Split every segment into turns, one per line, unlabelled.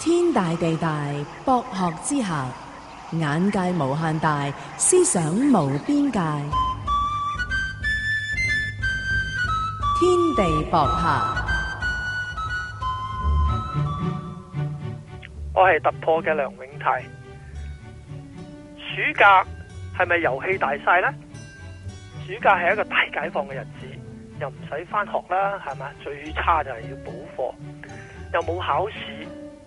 天大地大，博學之下眼界無限大，思想無邊界。天地博客，我係突破嘅梁永泰。暑假係咪遊戲大晒呢？暑假係一個大解放嘅日子，又唔使翻學啦，係咪？最差就係要補課，又冇考試。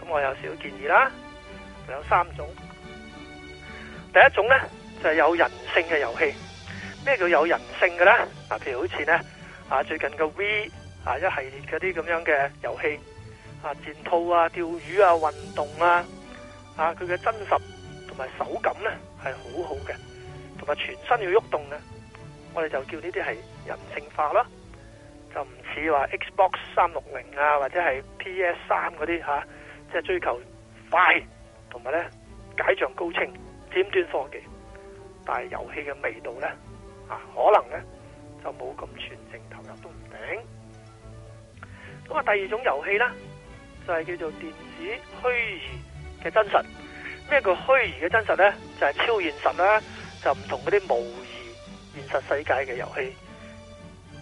咁我有少少建議啦，有三種。第一種呢，就係有人性嘅遊戲，咩叫有人性嘅呢？啊，譬如好似呢，啊，最近嘅 Wii 啊，一系列嗰啲咁樣嘅遊戲啊，戰鬥啊、釣魚啊、運動啊，啊，佢嘅真實同埋手感呢係好好嘅，同埋全身要喐動咧，我哋就叫呢啲係人性化啦，就唔似話 Xbox 三六零啊，或者係 PS 三嗰啲吓。即係追求快，同埋咧解像高清尖端科技，但係遊戲嘅味道咧啊，可能咧就冇咁全情投入都唔定。咁啊，第二種遊戲咧就係叫做電子虛擬嘅真實。咩叫虛擬嘅真實咧？就係超現實啦，就唔同嗰啲模擬現實世界嘅遊戲。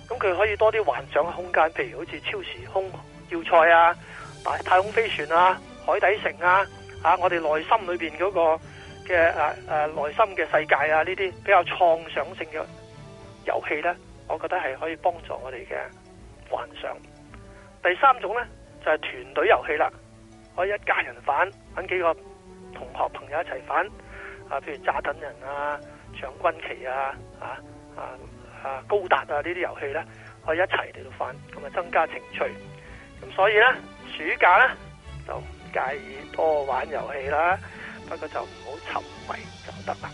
咁佢可以多啲幻想嘅空間，譬如好似超時空要塞啊。大太空飛船啊，海底城啊，吓、啊、我哋內心裏邊嗰個嘅誒誒內心嘅世界啊，呢啲比較創想性嘅遊戲呢，我覺得係可以幫助我哋嘅幻想。第三種呢，就係團隊遊戲啦，可以一家人反，搵幾個同學朋友一齊反，啊，譬如炸彈人啊、長軍旗啊、啊啊高達啊呢啲遊戲呢，可以一齊嚟到反，咁啊增加情趣。咁所以咧，暑假咧，就唔介意多玩遊戲啦，不過就唔好沉迷就得啦。